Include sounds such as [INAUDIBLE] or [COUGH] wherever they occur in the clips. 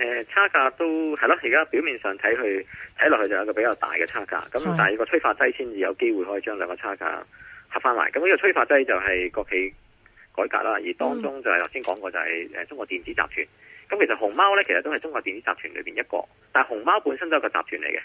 誒、呃，差價都係咯，而家表面上睇去睇落去就有一個比較大嘅差價，咁但係個催化劑先至有機會可以將兩個差價合翻埋。咁呢個催化劑就係國企改革啦，而當中就係頭先講過就係誒中國電子集團。咁其實熊貓呢，其實都係中國電子集團裏邊一個，但係熊貓本身都係一個集團嚟嘅。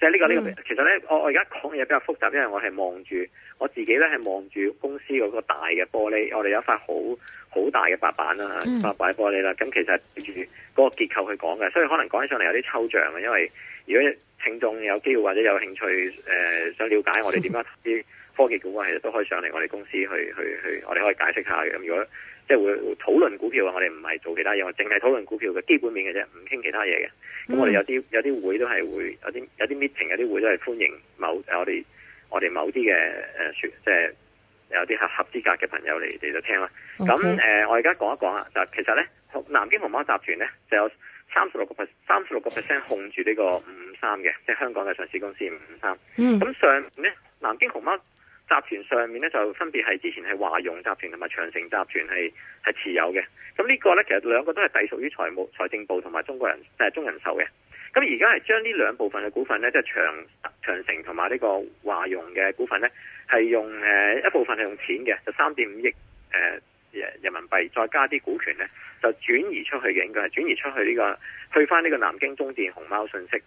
即係呢個呢個，其實呢，我我而家講嘢比較複雜，因為我係望住我自己呢，係望住公司嗰個大嘅玻璃，我哋有一塊好好大嘅白板啦吓，白板玻璃啦。咁其實係住嗰個結構去講嘅，所以可能講起上嚟有啲抽象嘅。因為如果聽眾有機會或者有興趣，誒、呃、想了解我哋點樣睇啲科技股呀，其實都可以上嚟我哋公司去去去，我哋可以解釋下嘅。咁如果。即係會討論股票啊！我哋唔係做其他嘢，我淨係討論股票嘅基本面嘅啫，唔傾其他嘢嘅。咁、嗯、我哋有啲有啲會都係會有啲有啲 meeting，有啲會都係歡迎某我哋我哋某啲嘅誒，即、呃、係、就是、有啲合合資格嘅朋友嚟嚟到聽啦。咁、okay. 誒、呃，我而家講一講啊，就是、其實咧，南京熊貓集團咧就有三十六個 percent，三十六個 percent 控住呢個五五三嘅，即、就、係、是、香港嘅上市公司五五三。咁、嗯、上咧，南京熊貓，集團上面咧就分別係之前係華融集團同埋長城集團係係持有嘅，咁呢個咧其實兩個都係隸屬於財務財政部同埋中國人誒，中人壽嘅，咁而家係將呢兩部分嘅股份咧，即係長長城同埋呢個華融嘅股份咧係用誒，一部分係用錢嘅，就三點五億誒人民幣再加啲股權咧就轉移出去嘅，應該係轉移出去呢，這個去翻呢個南京中電熊貓信息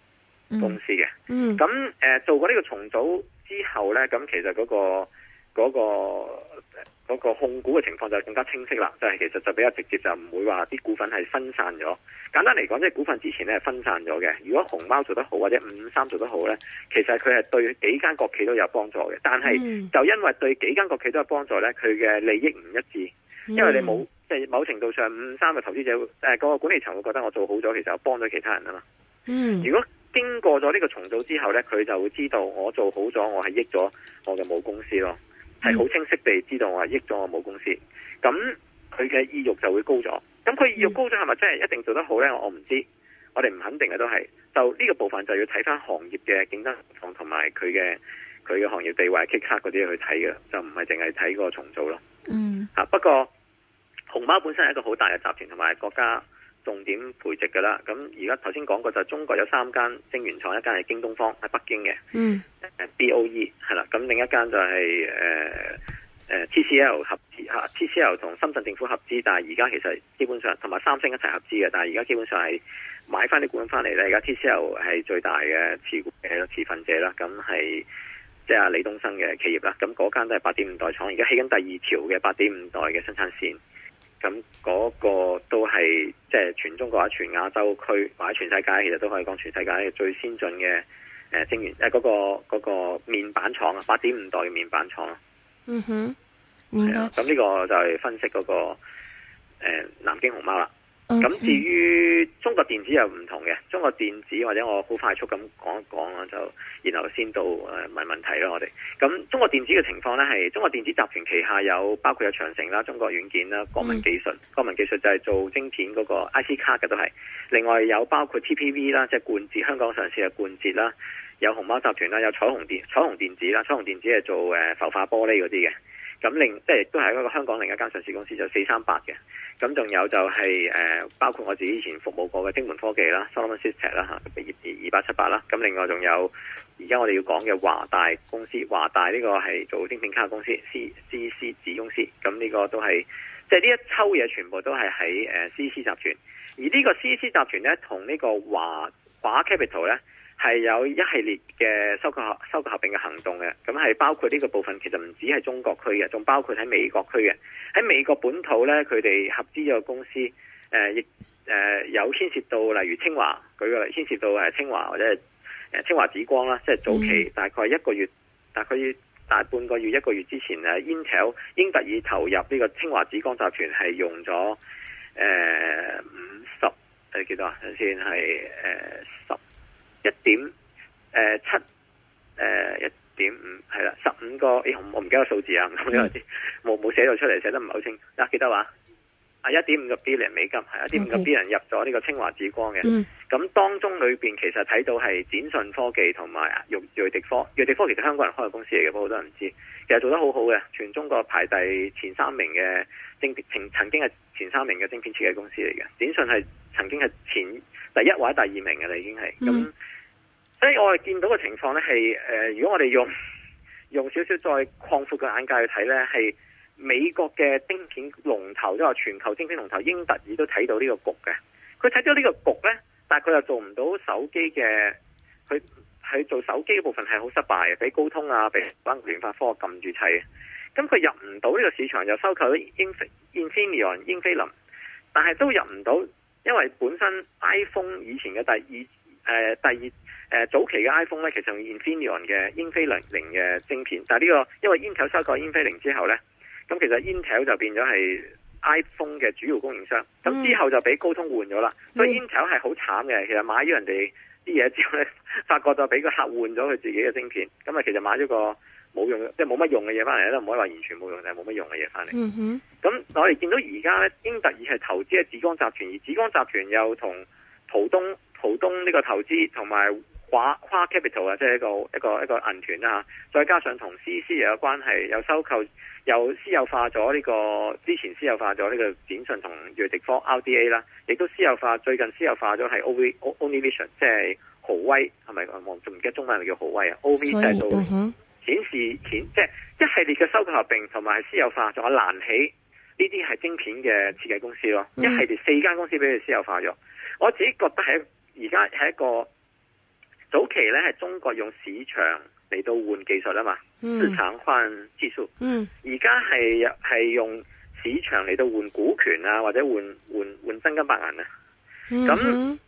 公司嘅，咁、嗯、誒、呃、做過呢個重組。之後呢，咁其實嗰個嗰個嗰個控股嘅情況就更加清晰啦。就係其實就比較直接，就唔會話啲股份係分散咗。簡單嚟講，即係股份之前呢係分散咗嘅。如果熊貓做得好或者五五三做得好呢，其實佢係對幾間國企都有幫助嘅。但係就因為對幾間國企都有幫助呢，佢嘅利益唔一致，因為你冇即係某程度上，五五三嘅投資者嗰個管理層會覺得我做好咗，其實我幫咗其他人啊嘛。嗯，如果。經過咗呢個重組之後呢，佢就會知道我做好咗，我係益咗我嘅母公司咯，係、嗯、好清晰地知道我係益咗我母公司。咁佢嘅意欲就會高咗。咁佢意欲高咗係咪真係一定做得好呢？我唔知，我哋唔肯定嘅都係。就呢個部分就要睇翻行業嘅競爭情況同埋佢嘅佢嘅行業地位、key i 卡嗰啲去睇嘅，就唔係淨係睇個重組咯。嗯，不過熊貓本身係一個好大嘅集團同埋國家重點培植嘅啦，咁而家頭先講過就中國有三間晶圓廠，一間係京東方喺北京嘅，嗯，B O E 係啦，咁另一間就係、是、誒誒、呃呃、T C L 合資吓、啊，T C L 同深圳政府合資，但係而家其實基本上同埋三星一齊合資嘅，但係而家基本上係買翻啲股份翻嚟咧，而家 T C L 係最大嘅持股嘅持份者啦，咁係即係阿李東生嘅企業啦，咁嗰間都係八點五代廠，而家起緊第二條嘅八點五代嘅生產線。咁、那個都係即係全中國啊，全亞洲區或者全世界，其實都可以講全世界嘅最先進嘅誒正源誒個、那個面板廠啊，八點五代嘅面板廠啊、mm-hmm. 嗯哼，係啊，咁呢個就係分析、那個誒、呃、南京熊貓啦。咁、okay. 至於中國電子又唔同嘅，中國電子或者我好快速咁講一講啦，就然後先到問、呃、問題啦，我哋咁中國電子嘅情況咧，係中國電子集團旗下有包括有長城啦、中國軟件啦、國民技術，mm. 國民技術就係做晶片嗰個 IC 卡嘅都係，另外有包括 TPV 啦，即係冠捷香港上市嘅冠捷啦，有熊貓集團啦，有彩虹電彩虹電子啦，彩虹電子係做誒浮化玻璃嗰啲嘅。咁另即係都係一個香港另一間上市公司就四三八嘅，咁仲有就係、是、誒、呃、包括我自己以前服務過嘅精門科技啦，Solomon Systech 啦嚇，二二八七八啦，咁另外仲有而家我哋要講嘅華大公司，華大呢個係做晶片卡公司 C,，C C C 子公司，咁呢個都係即係呢一抽嘢全部都係喺誒 C C 集團，而呢個 C C 集團咧同呢個華華 Capital 咧。係有一系列嘅收購合收購合併嘅行動嘅，咁係包括呢個部分，其實唔止係中國區嘅，仲包括喺美國區嘅。喺美國本土呢，佢哋合資嘅公司，誒亦誒有牽涉到，例如清華，舉個例牽涉到係清華或者誒清華紫光啦。即係早期、mm -hmm. 大概一個月，大概大半個月一個月之前，誒 Intel 英特爾投入呢個清華紫光集團係用咗誒五十，誒、呃、幾多先係誒十。等等一點誒七誒一點五係啦，十五個誒、欸、我唔、啊、記得個數字啊，冇冇寫到出嚟，寫得唔係好清，嗱記得話？啊一點五個 billion 美金，係一點五個 billion 入咗呢個清華紫光嘅。咁、okay. 當中裏邊其實睇到係展訊科技同埋玉瑞迪科，瑞迪科其實香港人開嘅公司嚟嘅，不過好多人唔知，其實做得好好嘅，全中國排第前三名嘅晶片曾曾經係前三名嘅晶片設計公司嚟嘅，展訊係曾經係前。第一或者第二名嘅啦，已經係咁、嗯，所以我係見到嘅情況咧，係、呃、誒，如果我哋用用少少再擴闊嘅眼界去睇咧，係美國嘅晶片龍頭，即係話全球晶片龍頭英特爾都睇到呢個局嘅。佢睇咗呢個局咧，但係佢又做唔到手機嘅，佢係做手機部分係好失敗嘅，俾高通啊，俾翻聯發科撳住砌。咁佢入唔到呢個市場，又收購英英飛利昂、英飛凌，但係都入唔到。因為本身 iPhone 以前嘅第二誒、呃、第二誒、呃、早期嘅 iPhone 咧，其實用 Infinion 嘅英飛凌嘅晶片，但係、這、呢個因為 Intel 收購英飛凌之後咧，咁其實 Intel 就變咗係 iPhone 嘅主要供應商，咁之後就俾高通換咗啦、嗯，所以 Intel 係好慘嘅，其實買咗人哋啲嘢之後咧，發覺就俾個客換咗佢自己嘅晶片，咁啊其實買咗個。冇用，即係冇乜用嘅嘢翻嚟咧，唔可以話完全冇用，就係冇乜用嘅嘢翻嚟。咁我哋見到而家咧，英特爾係投資喺紫光集團，而紫光集團又同浦東、浦東呢個投資同埋跨 capital 啊，即係一個一個一個銀團啦吓。再加上同 C C 又有關係，又收購，又私有化咗呢個之前私有化咗呢個展訊同瑞迪科 R D A 啦，亦都私有化，最近私有化咗係 O V OmniVision，即係豪威，係咪我唔記得中文係叫豪威啊？O V 制度。顯示顯即係一系列嘅收購合併同埋私有化有，仲有瀾起呢啲係晶片嘅設計公司咯，嗯、一系列四間公司俾佢私有化咗。我自己覺得喺而家係一個早期呢係中國用市場嚟到換技術啊嘛，資產換技術。嗯，而家係係用市場嚟到換股權啊，或者換換換真金白銀啊。咁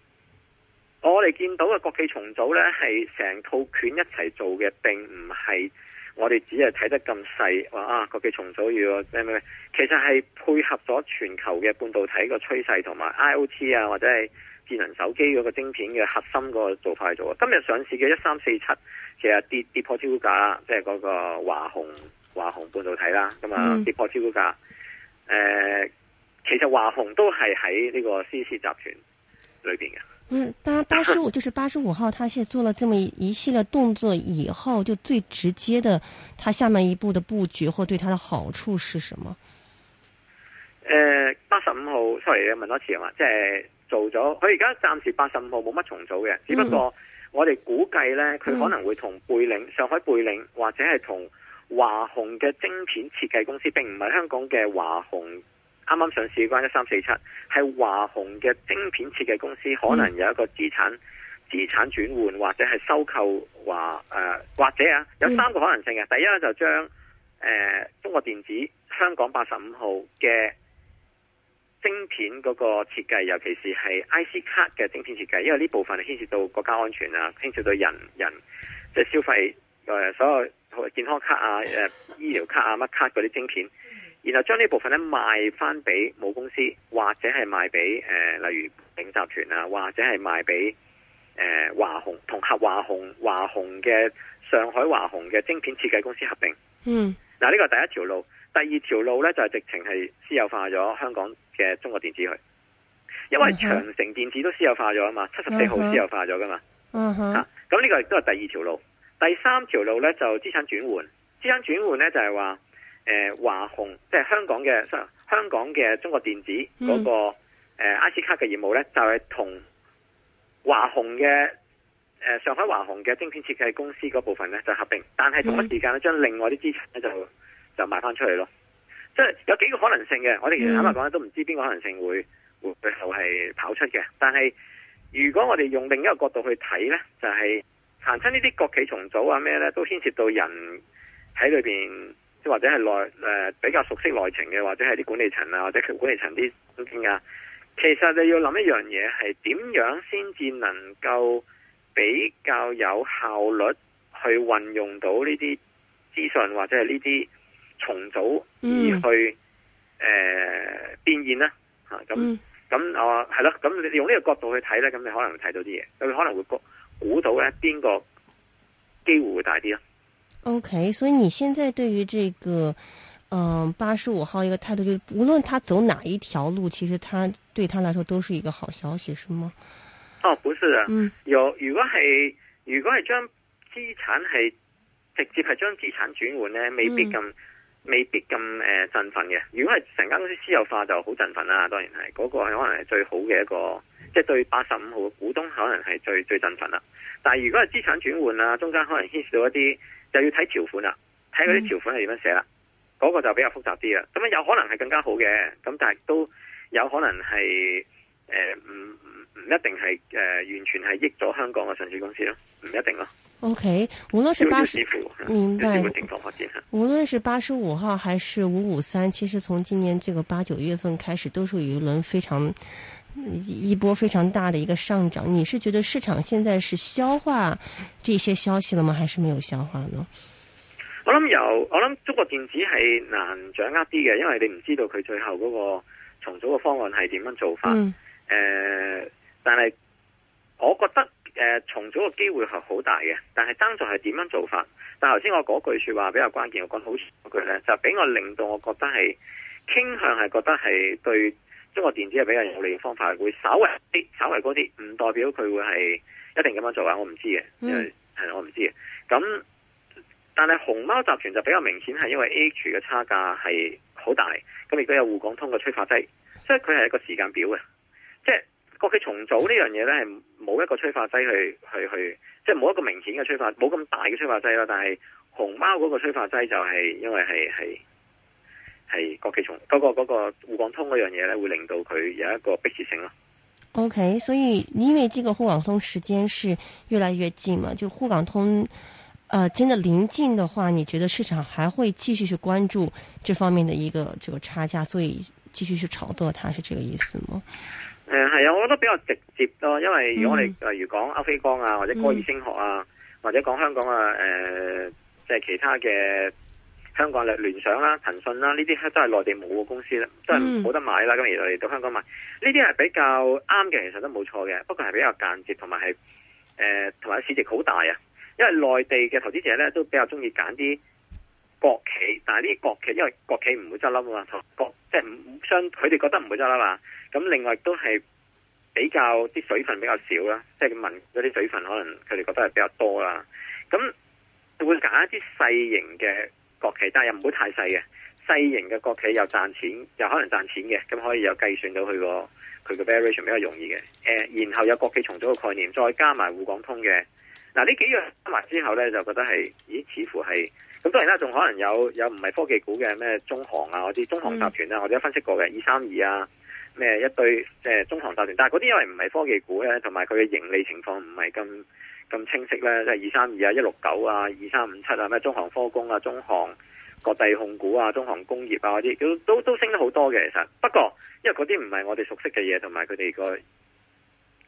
我哋見到嘅國際重組呢，係成套券一齊做嘅，並唔係我哋只係睇得咁細話、啊、國際重組要咩咩，其實係配合咗全球嘅半導體個趨勢同埋 IOT 啊，或者係智能手機嗰個晶片嘅核心個做法做啊。今日上市嘅一三四七，其實跌跌破招股價啦，即係嗰個華虹華虹半導體啦，咁啊跌破招股價。誒、嗯，其實華虹都係喺呢個先鋒集團裏面嘅。唔八八十五，就是八十五號，他係做了這麼一系列動作以後，就最直接的，他下面一步的布局或對他的好處是什麼？誒、呃，八十五號，sorry，問多次啊嘛，即、就、係、是、做咗，佢而家暫時八十五號冇乜重組嘅，只不過我哋估計呢，佢可能會同貝嶺、嗯、上海貝嶺或者係同華虹嘅晶片設計公司，並唔係香港嘅華虹。啱啱上市關一三四七，係華虹嘅晶片設計公司，可能有一個資產資產轉換，或者係收購華誒、呃，或者啊，有三個可能性嘅。第一咧就將誒、呃、中國電子香港八十五號嘅晶片嗰個設計，尤其是係 IC 卡嘅晶片設計，因為呢部分係牽涉到國家安全啊，牽涉到人人即係消費誒、呃、所有健康卡啊、誒、呃、醫療卡啊乜卡嗰啲晶片。然後將呢部分咧賣翻俾母公司，或者係賣俾誒、呃，例如鼎集團啊，或者係賣俾誒、呃、華虹同合華虹華虹嘅上海華虹嘅晶片設計公司合併。嗯，嗱、這、呢個係第一條路，第二條路咧就係、是、直情係私有化咗香港嘅中國電子佢，因為長城電子都私有化咗啊嘛，七十四號私有化咗噶嘛。嗯哼，咁、嗯、呢、這個亦都係第二條路，第三條路咧就資產轉換，資產轉換咧就係話。誒、呃，華虹即係香港嘅香港嘅中國電子嗰、那個誒、嗯呃、IC 卡嘅業務咧，就係同華虹嘅誒上海華虹嘅晶片設計公司嗰部分咧就合併，但係同一時間咧將另外啲資產咧就就賣翻出去咯。即係有幾個可能性嘅，我哋其實坦白講都唔知邊個可能性會會最後係跑出嘅。但係如果我哋用另一個角度去睇咧，就係行親呢啲國企重組啊咩咧，都牽涉到人喺裏邊。或者係內誒比較熟悉內情嘅，或者係啲管理層啊，或者管理層啲總監啊，其實你要諗一樣嘢，係點樣先至能夠比較有效率去運用到呢啲資訊，或者係呢啲重組而去誒、mm. 呃、變現呢吓？咁咁啊係咯，咁、mm. 啊、你用呢個角度去睇呢，咁你可能會睇到啲嘢，咁你可能會估估到呢邊個機會會大啲咯。O.K.，所以你現在對於這個，嗯、呃，八十五號一個態度、就是，就無論他走哪一條路，其實他對他來說都是一個好消息，是嗎？哦，不是啊，有、嗯、如果係如果係將資產係直接係將資產轉換咧，未必咁、嗯、未必咁誒、呃、振奮嘅。如果係成間公司私有化就好振奮啦、啊，當然係嗰、那個係可能係最好嘅一個，即、就、係、是、對八十五號嘅股東可能係最最振奮啦。但係如果係資產轉換啊，中間可能牽涉到一啲。就要睇條款啦，睇嗰啲條款係點樣寫啦，嗰、嗯嗰個就比較複雜啲啦。咁樣有可能係更加好嘅，咁但係都有可能係誒唔唔唔一定係誒、呃、完全係益咗香港嘅上市公司咯，唔一定咯。OK，無論八十五，無論無論是八十五號還是五五三，其實從今年這個八九月份開始，都是有一輪非常。一波非常大的一個上漲，你是覺得市場現在是消化這些消息了嗎？還是沒有消化呢？我諗有，我諗中國電子係難掌握啲嘅，因為你唔知道佢最後嗰個重組嘅方案係點樣做法。誒、嗯呃，但係我覺得誒、呃、重組嘅機會係好大嘅，但係爭在係點樣做法。但頭先我嗰句說話比較關鍵，我講好嗰句咧，就俾、是、我令到我覺得係傾向係覺得係對。中國電子係比較用嚟用方法，會稍微啲，稍微高啲，唔代表佢會係一定咁樣做啊！我唔知嘅，因為係我唔知嘅。咁但係熊貓集團就比較明顯係因為 A H 嘅差價係好大，咁亦都有滬港通嘅催化劑，即係佢係一個時間表嘅。即係國企重組呢樣嘢咧，係冇一個催化劑去去去，即係冇一個明顯嘅催化，冇咁大嘅催化劑啦。但係熊貓嗰個催化劑就係因為係係。是係國企重嗰、那個、那個滬、那個、港通嗰樣嘢咧，會令到佢有一個迫切性咯。O、okay, K，所以你因為呢個滬港通時間是越來越近嘛？就滬港通，呃，真的臨近的話，你覺得市場還會繼續去關注這方面的一個這個差價，所以繼續去炒作它，它是這個意思嗎？誒、嗯，係、嗯、啊、呃，我覺得比較直接咯，因為如果我哋例如講歐菲光啊，或者歌爾聲學啊、嗯，或者講香港啊，誒、呃，即、就、係、是、其他嘅。香港咧，聯想啦、騰訊啦，呢啲都係內地冇嘅公司咧，即係冇得買啦。咁、嗯、而嚟到香港買，呢啲係比較啱嘅，其實都冇錯嘅。不過係比較間接，同埋係誒，同埋、呃、市值好大啊。因為內地嘅投資者咧，都比較中意揀啲國企，但係呢啲國企因為國企唔會執笠啊嘛，國即係、就是、相佢哋覺得唔會執笠嘛。咁另外都係比較啲水分比較少啦，即係民嗰啲水分可能佢哋覺得係比較多啦。咁會揀一啲細型嘅。國企，但係又唔會太細嘅，細型嘅國企又賺錢，又可能賺錢嘅，咁可以又計算到佢個佢嘅 variation 比較容易嘅。誒、呃，然後有國企重組嘅概念，再加埋滬港通嘅，嗱、啊、呢幾樣加埋之後咧，就覺得係，咦，似乎係。咁當然啦，仲可能有，有唔係科技股嘅咩中行啊，嗰啲中行集團啊、嗯、我哋都分析過嘅二三二啊，咩一堆即係、呃、中行集團，但係嗰啲因為唔係科技股咧、啊，同埋佢嘅盈利情況唔係咁。咁清晰呢，即係二三二啊，一六九啊，二三五七啊，咩中航科工啊，中航國際控股啊，中航工業啊嗰啲，都都升得好多嘅其實。不過因為嗰啲唔係我哋熟悉嘅嘢，同埋佢哋個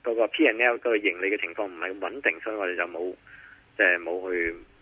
個、嗰個 P and L 個盈利嘅情況唔係咁穩定，所以我哋就冇即係冇去。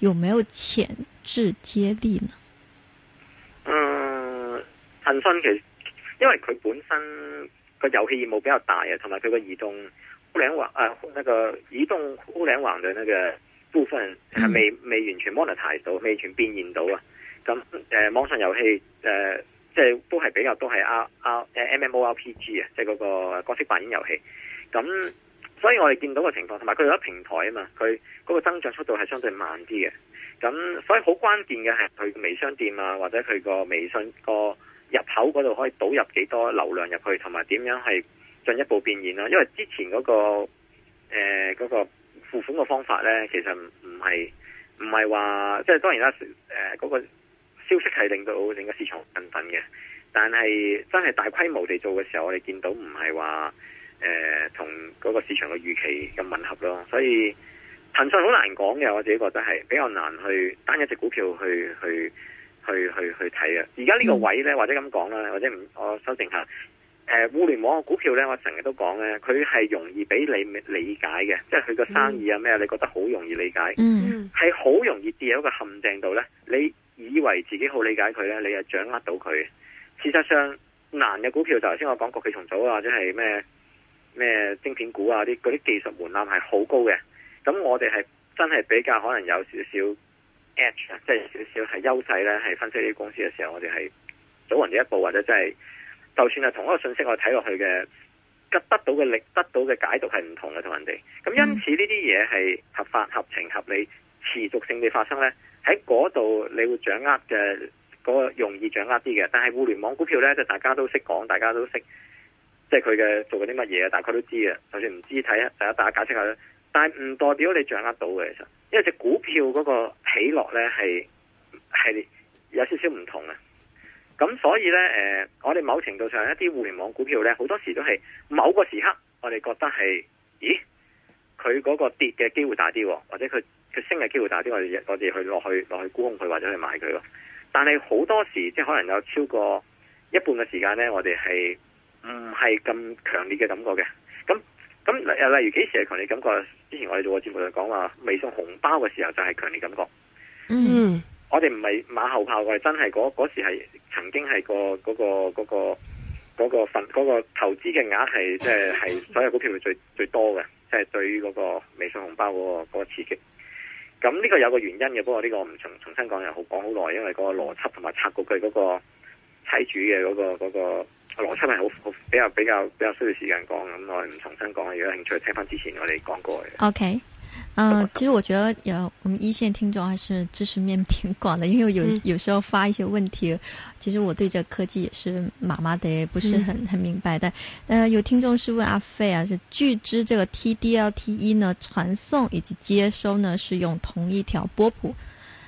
有沒有潛質接力呢？嗯，騰訊其實因為佢本身個遊戲業務比較大啊，同埋佢個移動互聯網誒，那個移動互聯網的那個部分係未未完全 monetize 到，未全變現到啊。咁誒，網上遊戲誒，即、呃、係、就是、都係比較都係 R R MMORPG 啊，即係嗰個角色扮演遊戲咁。所以我哋見到嘅情況，同埋佢有，有一平台啊嘛，佢嗰個增長速度係相對慢啲嘅。咁所以好關鍵嘅係佢微商店啊，或者佢個微信個入口嗰度可以導入幾多流量入去，同埋點樣係進一步變現咯。因為之前嗰個誒、呃嗰個付款嘅方法呢，其實唔係唔係話即係當然啦誒嗰個消息係令到整個市場振奮嘅，但係真係大規模地做嘅時候，我哋見到唔係話。誒、呃，同嗰個市場嘅預期咁吻合咯，所以騰訊好難講嘅，我自己覺得係比較難去單一隻股票去去去去去睇嘅。而家呢個位呢，或者咁講啦，或者唔，我修正下、呃，互聯網嘅股票呢，我成日都講呢，佢係容易俾你理、理解嘅，即係佢個生意呀咩、嗯，你覺得好容易理解，係、嗯、好容易跌喺一個陷阱度呢。你以為自己好理解佢呢，你又掌握到佢，事實上難嘅股票、就是，就頭先我講國企重組啊，或者係咩？咩芯片股啊，啲嗰啲技術門檻係好高嘅。咁我哋係真係比較可能有少少 edge 啊，即係、 [MUSIC] 就是、少少係優勢咧，係分析呢啲公司嘅時候，我哋係早人一步，或者真、就、係、是、就算係同一個信息我，我睇落去嘅得到嘅力，得到嘅解讀係唔同嘅同人哋。咁因此呢啲嘢係合法、合情、合理、持續性地發生咧，喺嗰度你會掌握嘅、嗰個容易掌握啲嘅。但係互聯網股票咧，就大家都識講，大家都識。即係佢嘅做緊啲乜嘢啊？大概都知嘅，就算唔知睇下，大家大家解釋下啦。但係唔代表你掌握到嘅，其實因為隻股票嗰個起落咧係係有少少唔同啊。咁所以咧，誒、呃，我哋某程度上一啲互聯網股票咧，好多時都係某個時刻，我哋覺得係，咦，佢嗰個跌嘅機會大啲，或者佢佢升嘅機會大啲，我哋我哋去落去落去沽空佢或者去買佢咯。但係好多時即係可能有超過一半嘅時間咧，我哋係。唔係咁強烈嘅感覺嘅，咁咁例如幾時係強烈感覺？之前我哋做過節目就講話微信紅包嘅時候就係強烈感覺。嗯，我哋唔係馬後炮，我係真係嗰時時係曾經係、嗰個、嗰個、嗰個、嗰個、嗰個份、嗰個嗰個投資嘅額係即係係所有股票最最多嘅，即、就、係、是、對於嗰個微信紅包嗰個、嗰個刺激。咁呢個有個原因嘅，不過呢個唔重重新講又好講好耐，因為嗰個邏輯同埋拆局佢嗰個。睇住嘅嗰個嗰、那個邏輯係好好比較比較比較需要時間講咁，我唔重新講，如果有興趣聽翻之前我哋講過嘅。OK，嗯、呃，其實我覺得有，我們一線聽眾還是知識面挺廣的，因為有，有時候發一些問題，嗯、其實我對這個科技也是麻麻哋，不是很、嗯、很明白，但呃，有聽眾是問阿菲啊，就據知這個 TDLTE 呢，傳送以及接收呢，是用同一條波譜？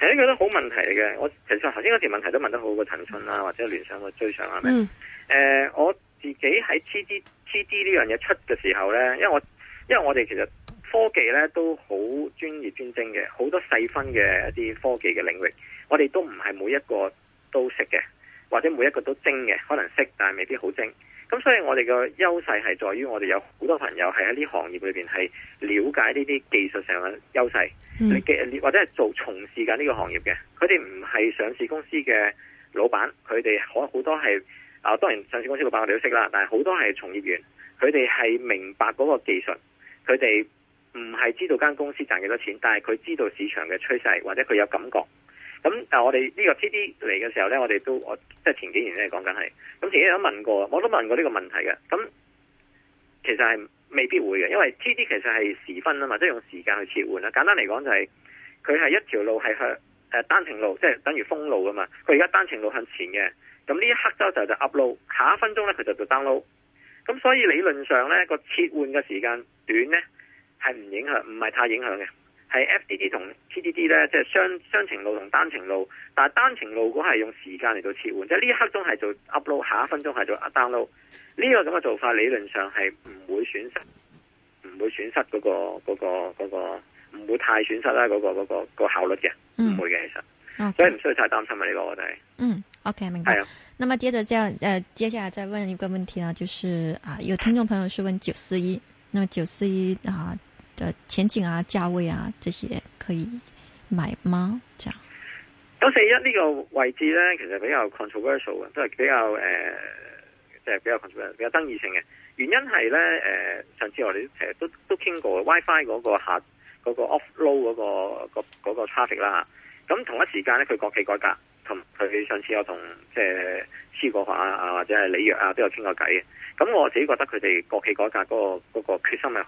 係一個都好問題嚟嘅，我其實頭先嗰條問題都問得好，過騰訊啦或者聯想去追上係、啊、咪？誒、呃，我自己喺 T D T D 呢樣嘢出嘅時候呢，因為我因為我哋其實科技呢都好專業專精嘅，好多細分嘅一啲科技嘅領域，我哋都唔係每一個都識嘅，或者每一個都精嘅，可能識但係未必好精。咁所以我哋嘅優勢係在於我哋有好多朋友係喺呢行業裏邊係了解呢啲技術上嘅優勢，嗯、或者係做從事緊呢個行業嘅，佢哋唔係上市公司嘅老闆，佢哋可好多係啊，當然上市公司老闆我哋都識啦，但係好多係從業員，佢哋係明白嗰個技術，佢哋唔係知道間公司賺幾多錢，但係佢知道市場嘅趨勢或者佢有感覺。咁我哋呢個 T D 嚟嘅時候呢，我哋都我即係前幾年係講緊係，咁前日都問過，我都問過呢個問題嘅。咁其實係未必會嘅，因為 T D 其實係時分啊嘛，即係用時間去切換啦。簡單嚟講就係，佢係一條路係向誒單程路，即係等於封路㗎嘛。佢而家單程路向前嘅，咁呢一刻就就 upload，下一分鐘呢，佢就做 download。咁所以理論上呢，個切換嘅時間短呢，係唔影響，唔係太影響嘅。係 FDD 同 TDD 咧，即係雙雙程路同單程路。但係單程路嗰係用時間嚟到切換，即係呢一刻鐘係做 upload，下一分鐘係做 download。呢個咁嘅做法理論上係唔會損失，唔會損失嗰個嗰個個，唔、嗰個嗰個嗰個、會太損失啦、嗰、嗰個嗰、嗰個、嗰個效率嘅，唔、嗯、會嘅其實，okay. 所以唔需要太擔心啊。呢個我哋。嗯，OK 明白。係啊，那麼接着再誒、呃，接下來再問一個問題啦，就是啊，有聽眾朋友是問九四一，那麼九四一啊。前景啊，價位啊，這些可以買嗎？這樣九四一呢個位置呢，其實比較 controversial，即係比較誒，即、呃、係、就是、比較 controversial，比較爭議性嘅。原因係呢。誒、呃，上次我哋都都傾過 WiFi 嗰個下嗰、那個 offload 嗰、那個、那個、那個差別啦。咁同一時間呢，佢國企改革同佢上次我同即係思國華啊，或者係里約啊，都有傾過偈。咁我自己覺得佢哋國企改革嗰、那個嗰、那個那個決心啊，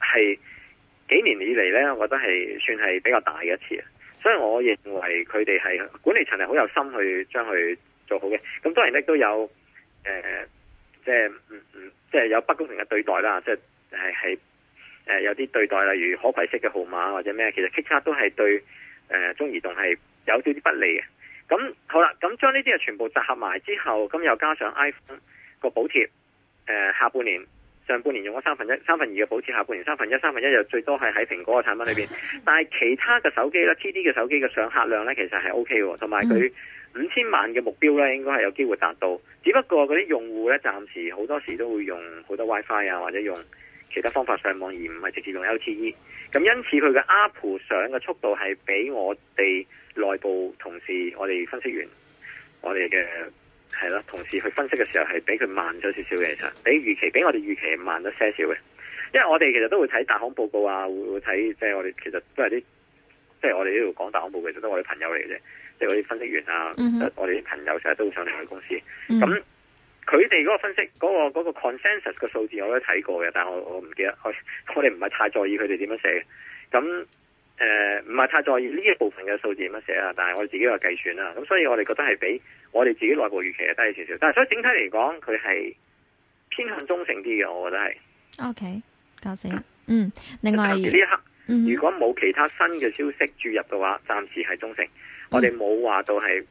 係。幾年以嚟呢，我覺得係算係比較大嘅一次，所以我認為佢哋係管理層係好有心去將佢做好嘅。咁當然呢都有誒，即係嗯嗯，即係有不公平嘅對待啦，即係誒係有啲對待，例如可攜式嘅號碼或者咩，其實 K 卡都係對誒中移動係有少啲不利嘅。咁好啦，咁將呢啲嘢全部集合埋之後，咁又加上 iPhone 個補貼，下半年。上半年用咗三分一、三分二嘅保持，下半年三分一、三分一就最多係喺蘋果嘅產品裏面。但係其他嘅手機咧，T D 嘅手機嘅上客量咧，其實係 O K 喎，同埋佢五千萬嘅目標咧，應該係有機會達到。只不過嗰啲用戶咧，暫時好多時都會用好多 WiFi 啊，或者用其他方法上網，而唔係直接用 LTE。咁因此佢嘅 Apple 上嘅速度係比我哋內部同事、我哋分析員、我哋嘅。係咯，同時去分析嘅時候係比佢慢咗少少嘅，其實比預期比我哋預期慢咗些少嘅。因為我哋其實都會睇大行報告啊，會睇即係我哋其實都係啲，即係我哋呢度講大行報告，其實都係我哋朋友嚟嘅啫，即係啲分析員啊，mm -hmm. 啊我哋啲朋友成日都會上嚟我公司。咁佢哋嗰個分析嗰、嗰個、嗰個 consensus 嘅數字我都睇過嘅，但係我我唔記得，我我哋唔係太在意佢哋點樣寫嘅。咁。誒、呃，唔係太在意呢一部分嘅數字乜寫啦但係我哋自己有計算啦，咁、嗯、所以我哋覺得係比我哋自己內部預期係低少少，但係所以整體嚟講，佢係偏向中性啲嘅，我覺得係。O K. 高生。嗯，另外呢一刻，如果冇其他新嘅消息注入嘅話，暫時係中性，我哋冇話到係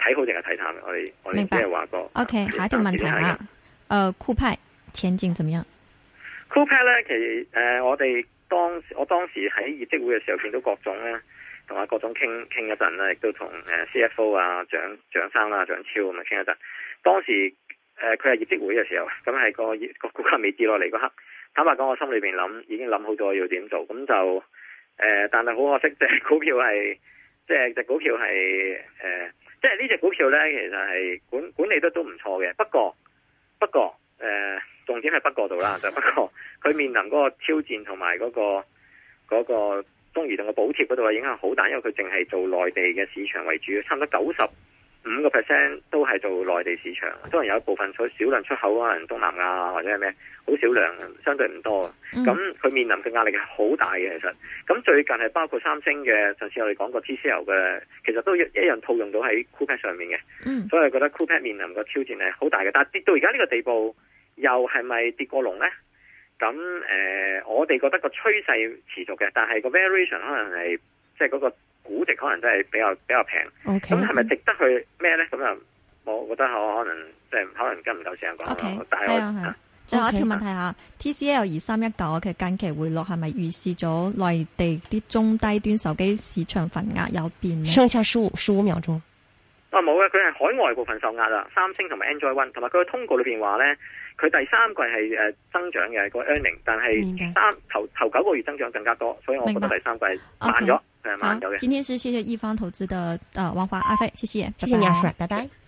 睇好定係睇淡，我哋我哋只係話過。O K. 下一個問題啦，誒，酷、啊呃、派前景怎麼樣？酷派咧，其誒、呃、我哋。當我當時喺業績會嘅時候，見到郭總咧，同阿郭總傾傾一陣咧，亦都同誒 CFO 啊、蔣蔣生啊、蔣超咁啊傾一陣。當時誒佢係業績會嘅時候，咁係個個股價未跌落嚟嗰刻，坦白講，我心裏邊諗已經諗好咗要點做，咁就誒、呃，但係好可惜，即係股票係，即係隻股票係誒，即係呢隻股票咧，其實係管管理得都唔錯嘅，不過不過。誒、呃，重點係北角度啦，就北角佢面臨嗰個挑戰同埋嗰個嗰、那個東移動嘅補貼嗰度嘅影響好大，因為佢淨係做內地嘅市場為主，差唔多九十五個 percent 都係做內地市場，當然有一部分出少量出口可能東南亞或者係咩，好少量相對唔多。咁佢面臨嘅壓力係好大嘅，其實咁最近係包括三星嘅，上次我哋講過 TCL 嘅，其實都一一樣套用到喺 Coolpad 上面嘅，所以我覺得 Coolpad 面臨嘅挑戰係好大嘅，但係跌到而家呢個地步。又係咪跌過龍咧？咁誒、呃，我哋覺得個趨勢持續嘅，但係個 variation 可能係即係嗰個估值可能都係比較比較平。咁係咪值得去咩咧？咁啊，我我覺得可能、就是、可能即係可能跟唔夠時間講咯。Okay, 但係我 yeah, yeah, yeah, okay, 最後一條問題一下 okay，TCL 二三一九其近期回落係咪預示咗內地啲中低端手機市場份額有變？剩下十五十五秒鐘。啊冇啊，佢係海外部分受壓啊，三星同埋 Android One 同埋佢嘅通告裏邊話咧。佢第三季係誒增長嘅、嗰個 earning 但係三頭頭九個月增長更加多，所以我覺得第三季係慢咗，誒、Okay. 呃、慢咗嘅。今天是謝謝一方投資的誒、呃、王華阿飛，謝謝，拜拜謝謝你阿 Sir 拜拜。拜拜